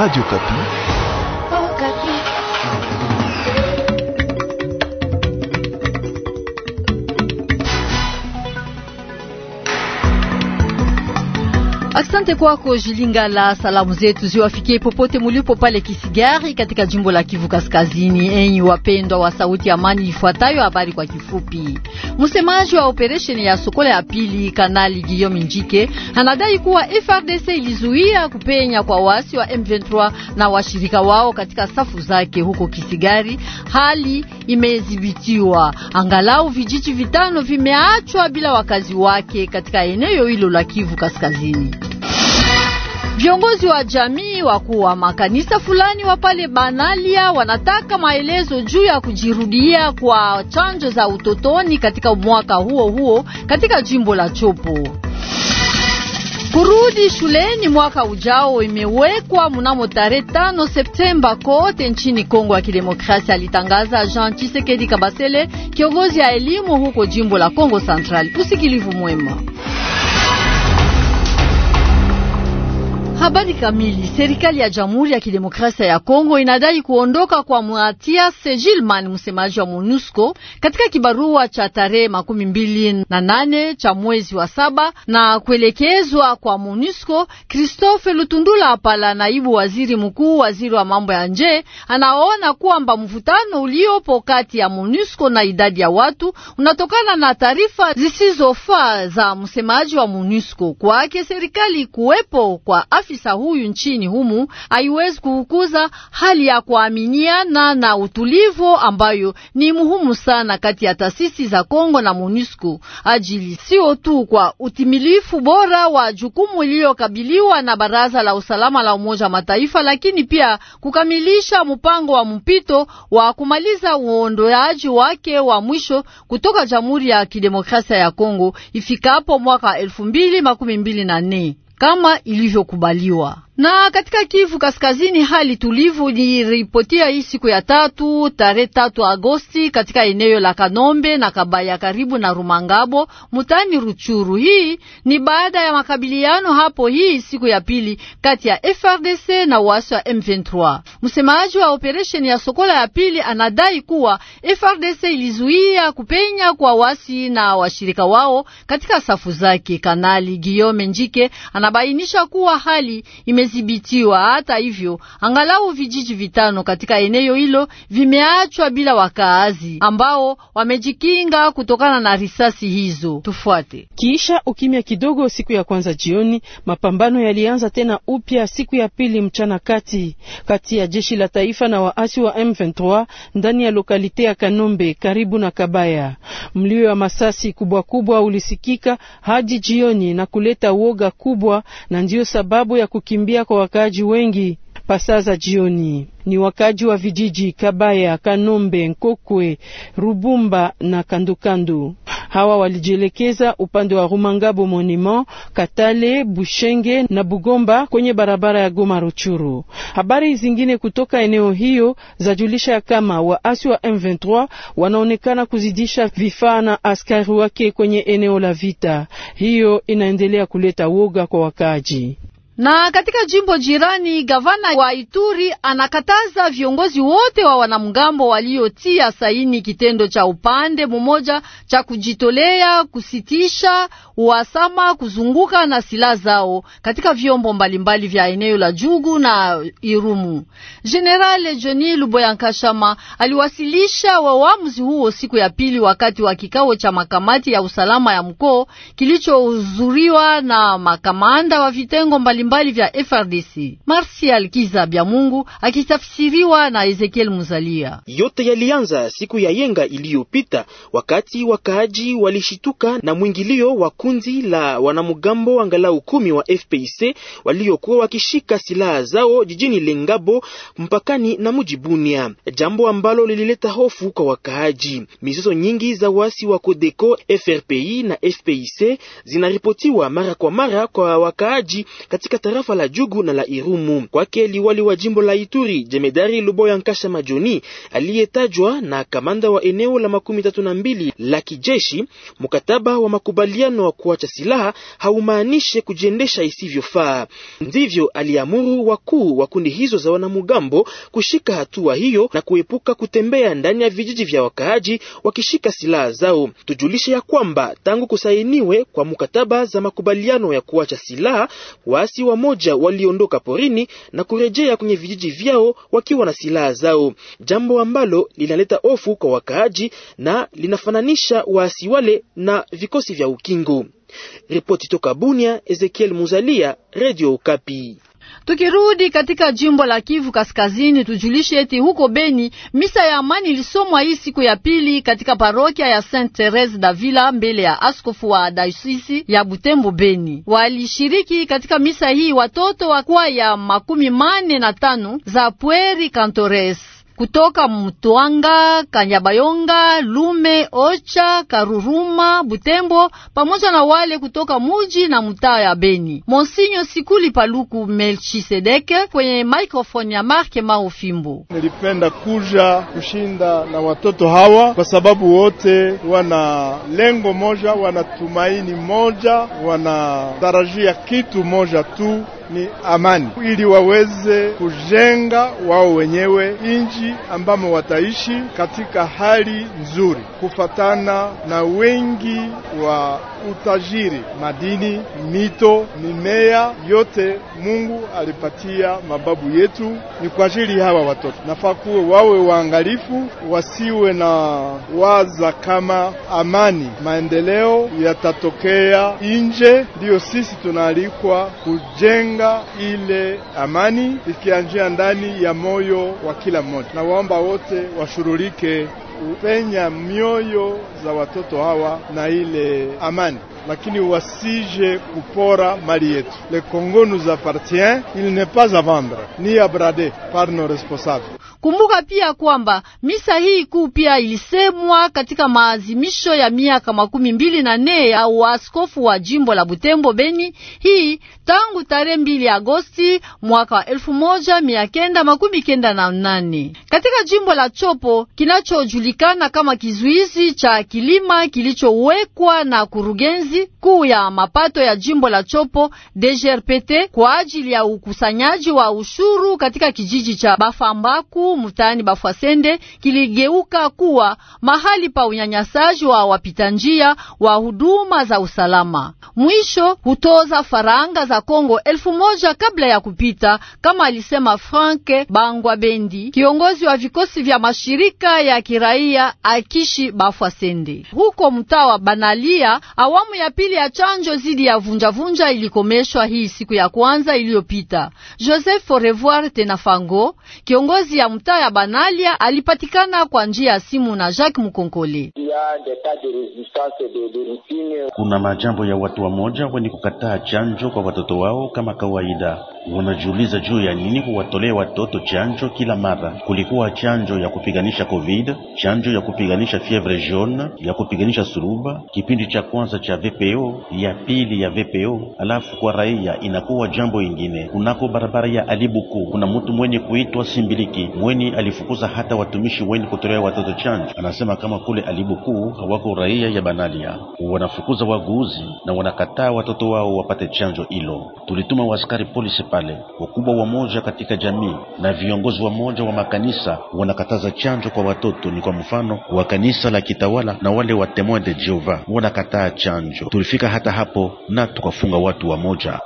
Radio Kapi. Asante kwako Jilingala. Salamu zetu ziwafikie popote mulipo pale Kisigari katika jimbo la Kivu Kaskazini. Enyi wapendwa wa Sauti ya Amani, ifuatayo habari kwa kifupi. Msemaji wa operesheni ya Sokola ya pili, Kanali Guillaume Njike, anadai kuwa FRDC ilizuia kupenya kwa waasi wa M23 na washirika wao katika safu zake huko Kisigari. Hali imedhibitiwa, angalau vijiji vitano vimeachwa bila wakazi wake katika eneo hilo la Kivu Kaskazini. Viongozi wa jamii wakuu wa makanisa fulani wa pale Banalia wanataka maelezo juu ya kujirudia kwa chanjo za utotoni katika mwaka huo huo katika jimbo la Chopo. Kurudi shuleni mwaka ujao imewekwa mnamo tarehe tano Septemba kote nchini Kongo ya Kidemokrasia, alitangaza Jean chisekedi Kabasele, kiongozi ya elimu huko jimbo la Kongo Central. Usikilivu mwema. Habari kamili. Serikali ya Jamhuri ya Kidemokrasia ya Kongo inadai kuondoka kwa Mathias Gilman, msemaji wa MONUSCO, katika kibarua cha tarehe makumi mbili na nane cha mwezi wa saba na kuelekezwa kwa MONUSCO. Christophe Lutundula Apala, naibu waziri mkuu, waziri wa mambo ya nje, anaona kwamba mvutano uliopo kati ya MONUSCO na idadi ya watu unatokana na taarifa zisizofaa za msemaji wa MONUSCO. Kwake serikali kuwepo kwa afya afisa huyu nchini humu haiwezi kuukuza hali ya kuaminiana na utulivu ambayo ni muhimu sana kati ya taasisi za Kongo na MONUSCO ajili sio tu kwa utimilifu bora wa jukumu iliyokabiliwa na Baraza la Usalama la Umoja wa Mataifa, lakini pia kukamilisha mpango wa mpito wa kumaliza uondoaji wake wa mwisho kutoka Jamhuri ya Kidemokrasia ya Kongo ifikapo mwaka elfu mbili makumi mbili na nne kama ilivyokubaliwa. Na katika Kivu Kaskazini hali tulivu iliripotia hii siku ya tatu tarehe tatu Agosti katika eneo la Kanombe na Kabaya karibu na Rumangabo mutani Ruchuru. Hii ni baada ya makabiliano hapo hii siku ya pili kati ya FRDC na waasi wa M23. Msemaji wa operesheni ya Sokola ya pili anadai kuwa FRDC ilizuia kupenya kwa wasi na washirika wao katika safu zake. Kanali Guillaume Njike anabainisha kuwa hali ime zimedhibitiwa. Hata hivyo, angalau vijiji vitano katika eneo hilo vimeachwa bila wakaazi ambao wamejikinga kutokana na risasi hizo. Tufuate. Kiisha ukimya kidogo, siku ya kwanza jioni, mapambano yalianza tena upya siku ya pili mchana kati kati ya jeshi la taifa na waasi wa M23 ndani ya lokalite ya Kanombe karibu na Kabaya. Mlio wa masasi kubwa kubwa ulisikika hadi jioni na kuleta woga kubwa, na ndiyo sababu ya kukimbia kukimbia kwa wakaaji wengi pasaza jioni ni wakaji wa vijiji Kabaya, Kanombe, Nkokwe, Rubumba na kandukandu. Hawa walijielekeza upande wa Rumangabo Monument, Katale, Bushenge na Bugomba kwenye barabara ya Goma Ruchuru. Habari zingine kutoka eneo hiyo zajulisha ya kama waasi wa M23 wanaonekana kuzidisha vifaa na askari wake kwenye eneo la vita. Hiyo inaendelea kuleta woga kwa wakaji. Na katika jimbo jirani, gavana wa Ituri anakataza viongozi wote wa wanamgambo waliotia saini kitendo cha upande mmoja cha kujitolea kusitisha uhasama kuzunguka na silaha zao katika vyombo mbalimbali vya eneo la Jugu na Irumu. General Johnny luboyankashama aliwasilisha wawamuzi huo siku ya pili wakati wa kikao cha makamati ya usalama ya mkoo kilichohudhuriwa na makamanda wa vitengo mbalimbali mbalimbali vya FRDC. Martial Bya Mungu akitafsiriwa na Ezekiel Muzalia. Yote yalianza siku ya yenga iliyopita wakati wakaaji walishituka na mwingilio wa kundi la wanamgambo angalau kumi wa FPIC waliokuwa wakishika silaha zao jijini Lengabo mpakani na mji Bunia, jambo ambalo lilileta hofu kwa wakaaji. Mizozo nyingi za wasi wa Kodeko, FRPI na FPIC zinaripotiwa mara kwa mara kwa wakaaji katika tarafa la Jugu na la Irumu. Kwake liwali wa jimbo la Ituri jemedari Luboya Nkasha Majoni aliyetajwa na kamanda wa eneo la makumi tatu na mbili la kijeshi, mkataba wa makubaliano wa kuacha silaha haumaanishe kujiendesha isivyofaa. Ndivyo aliamuru wakuu wa kundi hizo za wanamugambo kushika hatua hiyo na kuepuka kutembea ndani ya vijiji vya wakaaji wakishika silaha zao. Tujulishe ya kwamba tangu kusainiwe kwa mkataba za makubaliano ya kuacha silaha waasi wamoja waliondoka porini na kurejea kwenye vijiji vyao wakiwa na silaha zao, jambo ambalo linaleta hofu kwa wakaaji na linafananisha waasi wale na vikosi vya ukingo. Ripoti toka Bunia, Ezekiel Muzalia, Radio Okapi. Tukirudi katika jimbo la Kivu Kaskazini, tujulishe eti huko Beni misa ya amani ilisomwa hii siku ya pili katika parokia ya Saint Therese Davila mbele ya askofu wa dayosisi ya Butembo Beni. Walishiriki katika misa hii watoto wa kwaya makumi mane na tano za pueri Cantores kutoka Mtwanga, Kanyabayonga, Lume, Ocha, Karuruma, Butembo pamoja na wale kutoka muji na mtaa ya Beni. Monsinyo Sikuli Paluku Melchisedeke kwenye microphone ya Marke Maofimbo. Nilipenda kuja kushinda na watoto hawa kwa sababu wote wana lengo moja, wana tumaini moja, tarajia kitu moja tu ni amani, ili waweze kujenga wao wenyewe inji ambamo wataishi katika hali nzuri, kufatana na wengi wa utajiri, madini, mito, mimea yote Mungu alipatia mababu yetu. Ni kwa ajili hawa watoto nafaa kuwe wawe waangalifu, wasiwe na waza kama amani maendeleo yatatokea nje. Ndiyo sisi tunaalikwa kujenga kujenga ile amani ikianjia ndani ya moyo wa kila mmoja, na waomba wote washurulike upenya mioyo za watoto hawa na ile amani, lakini wasije kupora mali yetu. Le Congo nous appartient, il n'est pas à vendre ni à brader par nos responsables. Kumbuka pia kwamba misa hii kuu pia ilisemwa katika maazimisho ya miaka makumi mbili na nne ya uaskofu wa jimbo la Butembo Beni, hii tangu tarehe mbili Agosti mwaka wa elfu moja mia kenda makumi kenda na nane katika jimbo la Chopo kinachojulikana kama kizuizi cha kilima kilichowekwa na kurugenzi kuu ya mapato ya jimbo la Chopo DGRPT kwa ajili ya ukusanyaji wa ushuru katika kijiji cha Bafambaku Bukavu mtaani Bafwasende kiligeuka kuwa mahali pa unyanyasaji wa wapita njia wa huduma za usalama. Mwisho hutoza faranga za Kongo elfu moja kabla ya kupita, kama alisema Franke Bangwa Bendi, kiongozi wa vikosi vya mashirika ya kiraia akishi Bafwasende. Huko mtaa wa Banalia, awamu ya pili ya chanjo zidi ya vunjavunja ilikomeshwa hii siku ya kwanza iliyopita. Joseph Forevoir Tenafango, kiongozi ya mtaa ya Banalia alipatikana kwa njia ya simu na Jacques Mukonkole. Kuna majambo ya watu wamoja wenye kukataa chanjo kwa watoto wao kama kawaida. Wanajiuliza juu ya nini kuwatolea watoto chanjo kila mara. Kulikuwa chanjo ya kupiganisha COVID, chanjo ya kupiganisha fievre jaune, ya kupiganisha suruba, kipindi cha kwanza cha VPO, ya pili ya VPO, alafu kwa raia inakuwa jambo ingine. Kunako barabara ya Alibuku kuna mtu mwenye kuitwa Simbiliki mwenye Weni alifukuza hata watumishi Weni kutolea watoto chanjo. Anasema kama kule alibukuu hawako raia ya Banalia, wanafukuza waguuzi na wanakataa watoto wao wapate chanjo. Hilo tulituma waskari polisi pale, wakubwa wa moja katika jamii na viongozi wa moja wa makanisa wanakataza chanjo kwa watoto. Ni kwa mfano wa kanisa la kitawala na wale wa Temoin de Jehova wanakataa chanjo. Tulifika hata hapo na tukafunga watu wa moja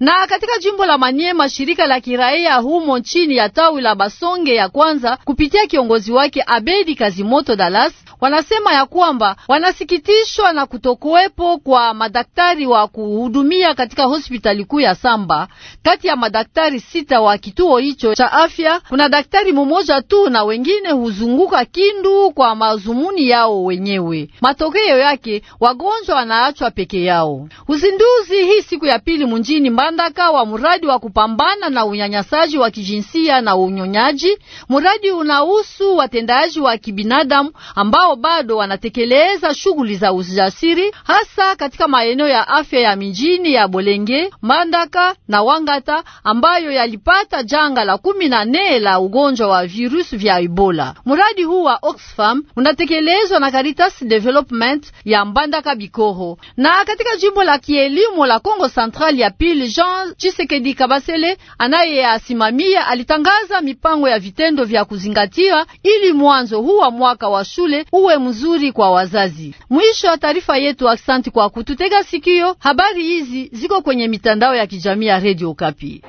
na katika jimbo la Manyema shirika la kiraia humo humo chini ya tawi la Basonge ya kwanza kupitia kiongozi wake Abedi Kazimoto Dallas wanasema ya kwamba wanasikitishwa na kutokuwepo kwa madaktari wa kuhudumia katika hospitali kuu ya Samba. Kati ya madaktari sita wa kituo hicho cha afya kuna daktari mmoja tu, na wengine huzunguka Kindu kwa mazumuni yao wenyewe. Matokeo yake wagonjwa wanaachwa peke yao. Uzinduzi hii siku ya pili mjini Mbandaka wa mradi wa kupambana na unyanyasaji wa kijinsia na unyonyaji, mradi unahusu watendaji wa kibinadamu ambao ambao bado wanatekeleza shughuli za ujasiri hasa katika maeneo ya afya ya mijini ya Bolenge, Mandaka na Wangata ambayo yalipata janga la kumi na nne la ugonjwa wa virusi vya Ebola. Mradi huu wa Oxfam unatekelezwa na Caritas Development ya Mbandaka Bikoro. Na katika jimbo la kielimu la Kongo Central ya pili, Jean Chisekedi Kabasele asimamia alitangaza mipango ya vitendo vya kuzingatia ili mwanzo huu wa mwaka wa shule uwe mzuri kwa wazazi. Mwisho wa taarifa yetu. Asante kwa kututega sikio. Habari hizi ziko kwenye mitandao ya kijamii ya Radio Kapi.